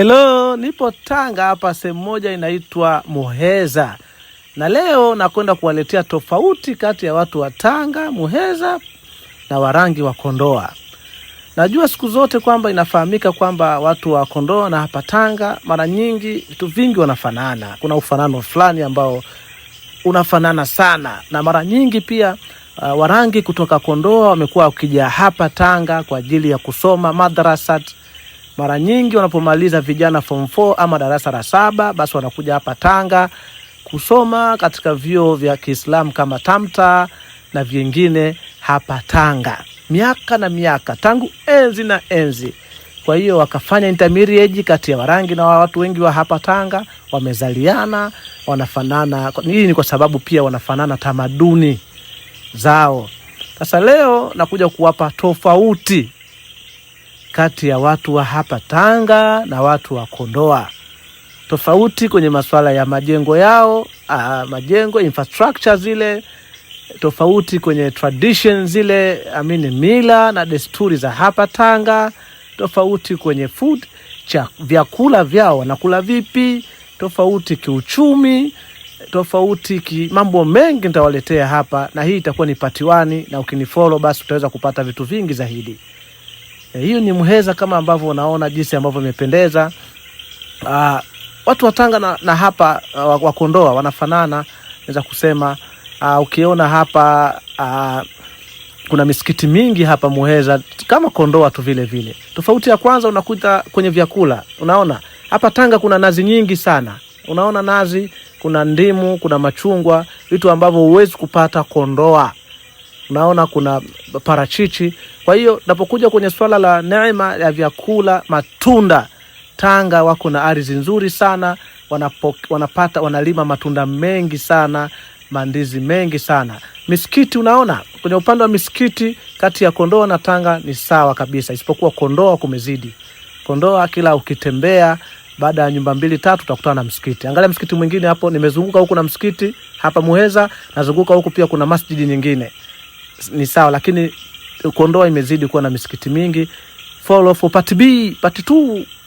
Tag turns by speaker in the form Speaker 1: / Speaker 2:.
Speaker 1: Hello, nipo Tanga hapa sehemu moja inaitwa Muheza, na leo nakwenda kuwaletea tofauti kati ya watu wa Tanga Muheza na Warangi wa Kondoa. Najua siku zote kwamba inafahamika kwamba watu wa Kondoa na hapa Tanga mara nyingi vitu vingi wanafanana, kuna ufanano fulani ambao unafanana sana, na mara nyingi pia uh, Warangi kutoka Kondoa wamekuwa wakija hapa Tanga kwa ajili ya kusoma madrasat mara nyingi wanapomaliza vijana form 4 ama darasa la saba, basi wanakuja hapa Tanga kusoma katika vyuo vya Kiislamu kama Tamta na vingine hapa Tanga, miaka na miaka, tangu enzi na enzi. Kwa hiyo wakafanya intermarriage kati ya Warangi na watu wengi wa hapa Tanga, wamezaliana, wanafanana. Hii ni kwa sababu pia wanafanana tamaduni zao. Sasa leo nakuja kuwapa tofauti kati ya watu wa hapa Tanga na watu wa Kondoa, tofauti kwenye masuala ya majengo yao, uh, majengo infrastructure zile tofauti kwenye tradition zile, amini mila na desturi za hapa Tanga, tofauti kwenye food cha vyakula vyao wanakula vipi, tofauti kiuchumi, tofauti ki mambo mengi nitawaletea hapa, na hii itakuwa ni patiwani, na ukinifollow basi utaweza kupata vitu vingi zaidi. Eh, hiyo ni mheza kama ambavyo unaona jinsi ambavyo imependeza. Ah, watu wa Tanga na, na hapa uh, wa Kondoa wanafanana naweza kusema uh, ukiona hapa uh, kuna misikiti mingi hapa Muheza kama Kondoa tu vile vile. Tofauti ya kwanza unakuta kwenye vyakula. Unaona hapa Tanga kuna nazi nyingi sana, unaona nazi, kuna ndimu, kuna machungwa, vitu ambavyo huwezi kupata Kondoa unaona kuna parachichi. Kwa hiyo napokuja kwenye swala la neema ya vyakula, matunda, Tanga wako na ardhi nzuri sana wanapo, wanapata wanalima matunda mengi sana, mandizi mengi sana. Misikiti, unaona kwenye upande wa misikiti kati ya Kondoa na Tanga ni sawa kabisa, isipokuwa Kondoa kumezidi. Kondoa kila ukitembea baada ya nyumba mbili tatu utakutana na msikiti. Angalia msikiti mwingine hapo, nimezunguka huku na msikiti hapa Muheza, nazunguka huku pia kuna masjidi nyingine ni sawa, lakini kuondoa imezidi kuwa na misikiti mingi. Follow for part B, part 2.